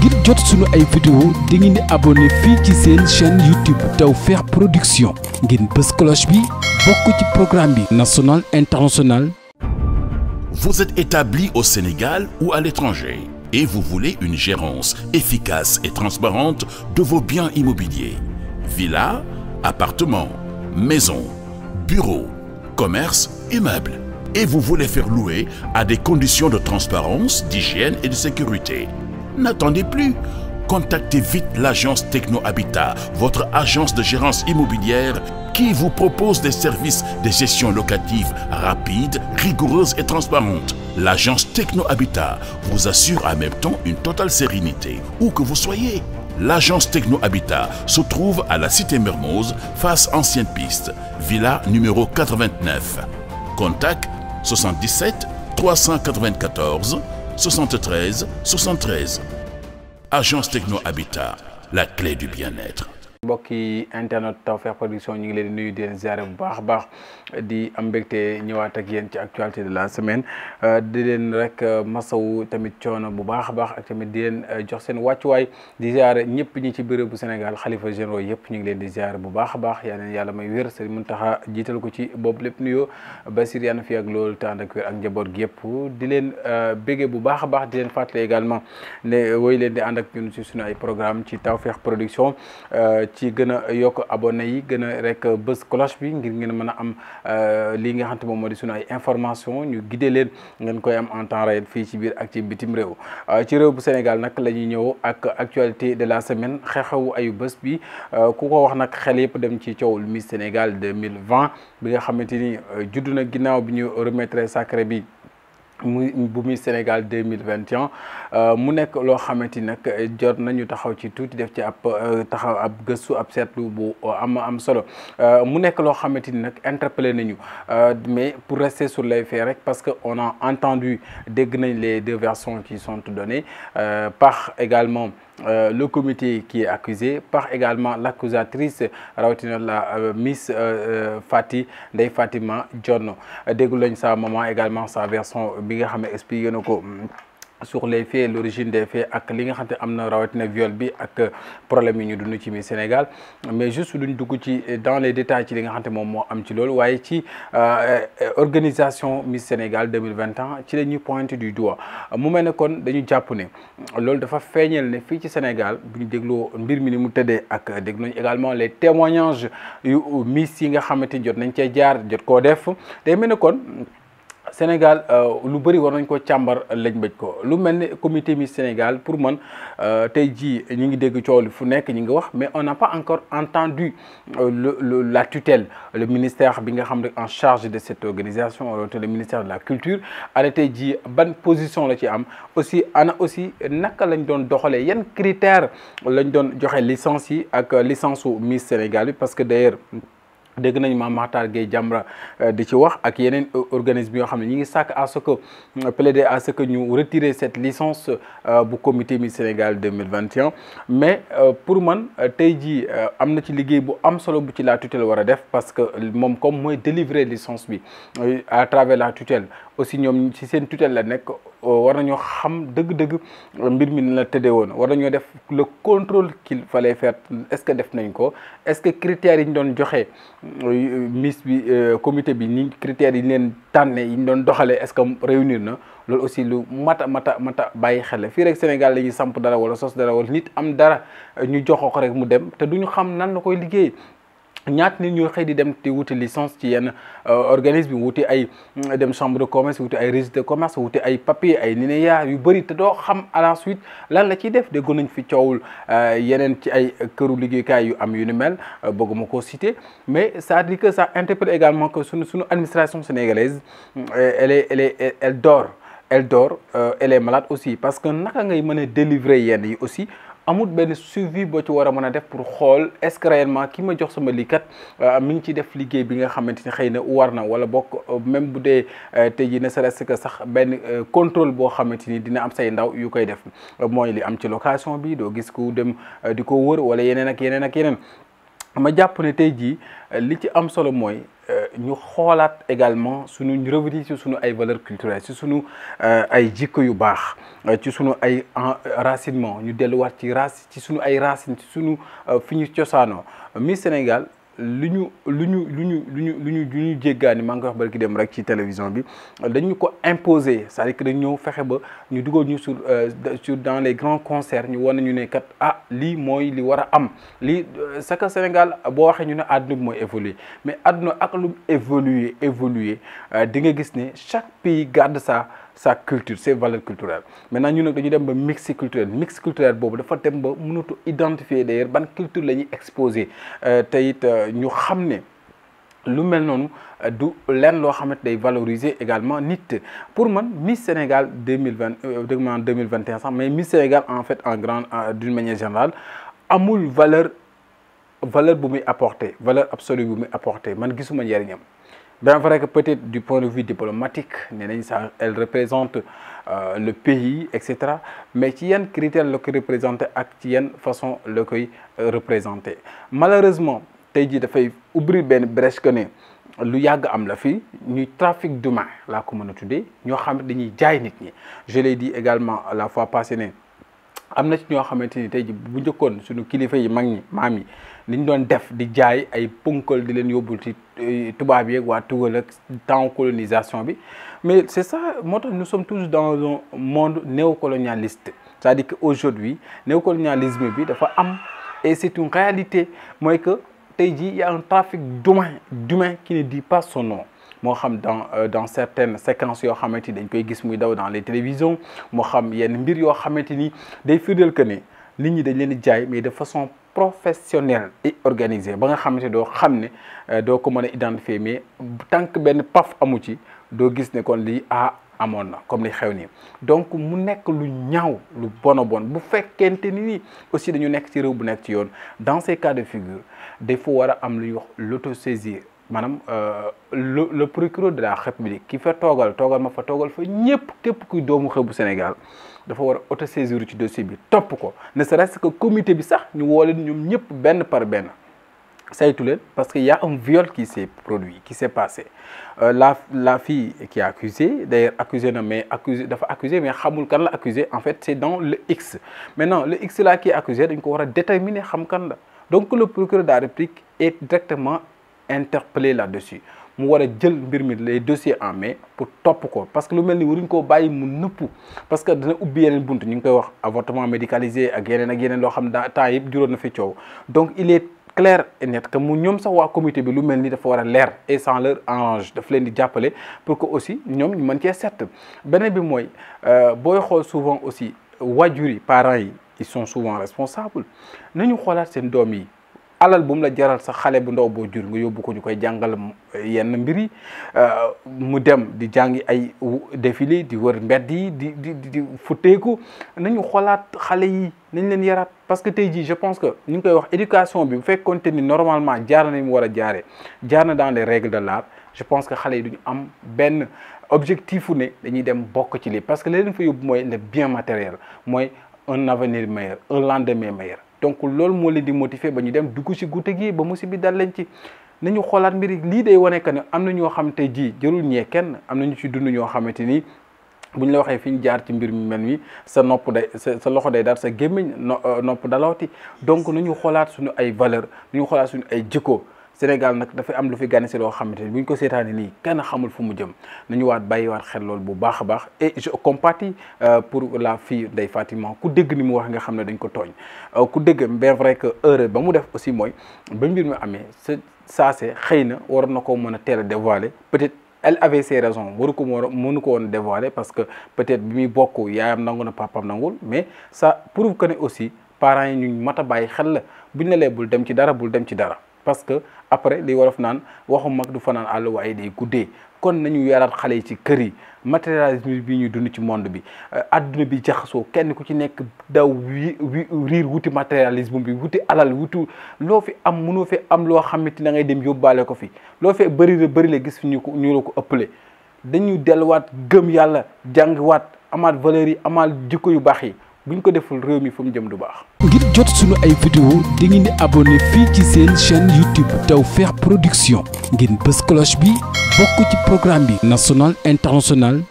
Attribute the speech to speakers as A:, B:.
A: ngir jot sunu ay vidéo di ngeen di abonné fii seen chaîne YouTube Tawfekh Production ngeen bës cloche bi bokk programme bi national international.
B: Vous êtes établi au Sénégal ou à l'étranger et vous voulez une gérance efficace et transparente de vos biens immobiliers villas, appartements, maisons, bureaux, commerces, immeubles. et vous voulez faire louer à des conditions de transparence, d'hygiène et de sécurité. N'attendez plus. Contactez vite l'agence Techno Habitat, votre agence de gérance immobilière qui vous propose des services de gestion locative rapide, rigoureuse et transparente. L'agence Techno Habitat vous assure en même temps une totale sérénité, où que vous soyez. L'agence Techno Habitat se trouve à la cité Mermoz, face ancienne piste, villa numéro Contact 73 73 agence Techno Habitat la clé du bien-être
A: mbokki internet Tawfekh Production ñu ngi leen di nuyu di leen ziare bu baax baax di am mbégte ñëwaat ak yéen ci actualité de la semaine euh, di leen rek euh, masawu tamit coono bu baax a baax ak tamit di leen euh, jox seen wàccuwaay di ziare ñëpp ñi ci béréb bu Sénégal xalifa généraux yëpp ñu ngi leen di ziare bu baax a baax yaa leen yàlla may wér Serigne Mountakha jiital ko ci bopp lépp nuyoo Basir yaan fi ak loolu te ànd ak wér ak njaboot gi yëpp di leen béggee bu baax a baax di leen fàttali également ne woy leen di ànd ak ñun ci suñu ay programme ci Tawfekh Production ci gën a yokk abonné yi gën a rek bës cloche bi ngir ngeen mën a am euh, lii nga xam moom moo di sunu ay information ñu guidé leen ngeen koy am en temps fii ci biir ak ci bitim réew euh, ci réew bu Sénégal nag la ñuy ñëw ak actualité de la semaine xew-xewu ayu bës bi euh, ku ko wax nag xel yëpp dem ci coowul Miss Sénégal 2020 bi nga xamante ni judd na ginnaaw bi ñu remettre sacré bi muy bu muy Sénégal deux mille vingt et un euh, mu nekk loo xamante ni nag jot nañu taxaw ci tuuti def ci ab euh, taxaw ab gëstu ab seetlu bu euh, am am solo mu nekk loo xamante ni nag interpellé nañu mais pour rester sur les faits rek parce que on a entendu dégg nañ les deux versions qui sont données par également. Euh, le comité qui est accusé par également l'accusatrice rawatina la euh, Miss euh, euh Fati Ndeye Fatima Dione déglu lañ sa maman également sa version bi nga xam ne expliqué na ko sur les faits l'origine de faits ak li nga xam te am na rawatina viol bi ak problème yi ñu dund ci mi Sénégal mais juste duñ dugg ci dans les détails ci li nga xam te moom moo am ci loolu waaye ci euh, organisation Miss Sénégal deux mille vingt 2021 ci la ñuy pointé du doigt mu mel ne dañu jàpp ne loolu dafa feeñeel ne fii ci Sénégal bu ñu dégloo mbir mi ni mu tëddee ak déglu nañu également les témoignages yu Miss yi nga xamante ni jot nañ cee jaar jot koo def day mel Sénégal euh, lu bëri war nañ ko càmbar lañ bëj ko lu mel ni comité Miss Sénégal pour man euh, tey jii ñu ngi dégg coow li fu nekk ñu ngi wax mais on n'a pas encore entendu euh, le, le la tutelle le ministère bi nga xam ne en charge de cette organisation wala le ministère de la culture ana tey jii ban position la ci am aussi ana aussi naka lañ doon doxalee yan critères lañ doon joxe licence yi ak licence u Miss Sénégal bi parce que d'ailleurs dégg nañu ma Makhtar Gueye Jamra euh, di ci wax ak yeneen organisme yoo xam ne ñu ngi sàkk à ce que euh, plaider à ce que ñu retirer cette licence euh, bu comité Miss Sénégal 2021 mais pour man tey jii am na ci liggéey bu am solo bu ci la tutelle war a def parce que moom comme mooy délivrer licence bi à travers la tutelle aussi ñoom ci seen tutelle la nekk war nañoo xam dëgg-dëgg mbir mi la tëddee woon war nañoo def le contrôle qu'il fallait faire est-ce que def nañ ko est-ce que critères yi ñu doon joxe miss bi euh, comité bi ni critères yi ñu leen tànne yi ñu doon doxalee est-ce que réunir na loolu aussi lu mata mata mata bàyyi xel fii rek Sénégal la ñuy samp dara wala sos dara wala nit am dara ñu jox ko rek mu dem te du ñu xam nan la koy liggéey ñaat nit ñuy xëy di dem di wuti licence ci yenn euh, organisme wuti ay mm, dem chambre de commerce wuti ay registre de commerce wuti ay papier ay NINEA yu bëri te doo xam à la suite lan la ciy def déggoon nañ fi coowul euh, yeneen ci ay këru liggéeykaay yu am yu ni mel euh, bëgguma ko citer mais ça dit que ça interpelle également que suñu suñu administration sénégalaise elle est elle est elle dort elle dort elle est malade aussi parce que naka ngay mën a délivrer yenn yi aussi amul benn suivi boo ci war a mën a def pour xool est-ce ki ma jox sama lii kat euh, mi ngi ci def liggéey bi nga xamante ni xëy na war na wala bokk euh, même bu dee euh, tey jii ne sa ce que sax benn contrôle boo xamante ni dina am say ndaw yu koy def mooy li am ci location bi doo gis ku dem di ko wër wala yeneen ak yeneen ak yeneen ma jàpp ne tey jii li ci am solo mooy ñu xoolaat également suñu revenir ci suñu ay valeurs culturelles ci suñu euh, ay jikko yu baax euh, ci suñu ay enracinement ñu delluwaat ci race ci suñu ay racines ci suñu euh, fi ñu cosaanoo Miss Sénégal lu ñu lu ñu lu ñu lu ñu lu ñu lu ñu jéggaani maa ngi koy dem rek ci télévision bi dañu ko imposer c'est-à-dire dañu ñëw fexe ba ñu dugal ñu sur euh, sur dans les grands concerts ñu wan ñu ne kat ah lii mooy li war a am lii euh, saka Sénégal boo waxee ñu ne àdduna bi mooy évoluer mais àdduna ak lu évoluer évoluer euh, di nga gis ne chaque pays garde sa sa culture ses valeurs culturelles maintenant ñu nag dañu dem ba mix culturel mix culturel boobu dafa dem ba mënatu identifier d'ailleurs ban culture la ñuy exposé euh, te it euh, ñu xam ne lu mel noonu euh, du lenn loo xamante day valoriser également nit pour man Miss Sénégal deux mille vingt deux mille vingt et un sax mais Miss Sénégal en fait en grande d'une manière générale amul valeur valeur bu muy apporter valeur absolue bu muy apporter man gisuma njëriñam. Bien vrai que peut-être du point de vue diplomatique, elle représente euh, le pays, etc. Mais qui y a un critère le représente et ak ci une façon le euh, représenter. Malheureusement, il y ouvrir une bresque ne lu yàgg am la fi ñuy trafic d'humains laa ko mën a tuddee ñoo xam dañuy jaay nit ñi je l'ai dit également la fois passée ne am na ci ñoo xamante ni tey ji bu njëkkoon suñu kilifa yi mag ñi maam yi li ñu doon def di jaay ay punkal di leen yóbbul ci eh, tubaab yeeg waa tugal ak temps colonisation bi mais c'est ça moo tax nous sommes tous dans un monde néocolonialiste c'est-à-dire que aujourd'hui néocolonialisme bi dafa am e c'est une réalité mooy que tey ji y a un trafic d'humains d'humains qui ne dit pas son nom moo xam dans euh, dans certaines séquences yoo xamante ni dañ koy gis muy daw dans les télévisions moo xam yenn mbir yoo xamante ni day firndeel que ne nit ñi dañ leen di jaay mais de façon professionnelle et organisée ba nga xamante doo xam ne euh, doo ko mën a identifier mais tant benn paf amu ci doo gis ne kon lii ah amoon na comme li xew nii donc mu nekk lu ñaaw lu bon a bon bu fekkente ni nii aussi dañu nekk ci réew bu nekk ci yoon dans ces cas de figure dafa war a am lu ñuy wax l'autosaisir maanaam euh, le le procureur de la république ki fa toogal toogal ma fa toogal fa ñëpp képp kuy doomu xeebu Sénégal dafa war a auto-saisir ci dossier bi topp ko ne serait-ce que bi sax ñu woo leen ñoom ñëpp benn par benn saytu leen parce que y a viole ki qui produit qui s'est passé euh, la la fille qui est accusée d'ailleurs na mais accusé dafa accusé mais xamul kan la accusé en fait c'est dans le X maintenant le X là qui est accusé dañ ko war a déterminer xam kan la donc le procureur de la République est directement interpellé là-dessus mu war a jël mbir mi les dossiers en main pour topp ko parce que lu mel ni waruñ koo bàyyi mu nëpp parce que dina ubbi yeneen bunt ñu ngi koy wax avortement médicalisé ak yeneen ak yeneen loo xam daa temps yëpp juróon na fi coow donc il est clair et net que mu ñoom sax waa comité bi lu mel ni dafa war a leer et sans leur arrange daf leen di jàppale pour que aussi ñoom ñu mën cee set beneen bi mooy euh, booy xool souvent aussi waajur yi parents yi ils sont souvent responsables nañu xoolaat seen doom yi alal bu la jaral sa xale bu ndaw boo jur nga yóbbu ko ñu koy jàngal yenn mbir yi euh, mu dem di jàngi ay défilé di war mbedd yi di di di futteeku nañu xoolaat xale yi nañ leen yaraat parce que tey jii je pense que ñu ngi koy wax éducation bi bu fekkoonte ni normalement jaar na mu war a jaaree jaar na dans les règles de l'art je pense que xale yi duñu am benn objectif fu ne dañuy dem bokk ci lii parce que li leen fa yóbbu mooy le bien matériel mooy un avenir meilleur un lendemain meilleur donc loolu moo leen di motiver ba ñu dem dugg si guddi gi ba si bi dal leen ci na ñu xoolaat mbir lii day wane que ne am na ñoo xam tey jii jërul ñee kenn am na ñu ci dund ñoo xamante ni. bu ñu la waxee fi ñu jaar ci mbir mi mel mi sa nopp day sa loxo day dar sa gémmiñ euh, nopp dalawti donc nañu xoolaat suñu ay valeur nañu xoolaat suñu ay jikko Sénégal nag dafa am lu fi gane si loo xamante ni bu ñu ko seetaanee nii kenn xamul fu mu jëm nañu waat waat xel loolu bu baax a baax et je compatis euh, pour la fille Ndeye Fatima ku dégg ni mu wax nga xam ne dañ ko tooñ euh, ku dégg bien vrai que heure ba mu def aussi mooy ba mbir mu amee sa se xëy na waroon na ko mën a teel a dévoiler peut-être. elle avait ses waru ko moo mënu ko woon dévoiler parce que peut-être bi muy bokk yaayam nangu na papam nangul mais ça prouve que ne aussi parents yi ñu mat a bàyyi xel la buñ la lee bul dem ci dara bul dem ci dara parce que après li wolof naan waxu du fanaan àll waaye day guddee kon nañu yaraat xale yi ci kër yi matérialisme bi ñuy dund ci monde bi euh, adduna bi jaxasoo kenn ku ci nekk daw riir wuti matérialisme bi wuti alal wuti loo fi am munoo fi am loo xamante da ngay dem yóbbaale ko fi loo fi bëri la bëri la gis fi ñu ko ñu la ko ëppale dañuy delluwaat gëm yàlla jàngiwaat amaat valeur yi amaat jikko yu baax yi buñ ko deful réew mi fa mu jëm du baax. ngir jot sunu ay vidéo di ngeen di abonné fii ci seen chaîne YouTube Tawfekh Production ngeen bës cloche bi bokk ci programme bi national international.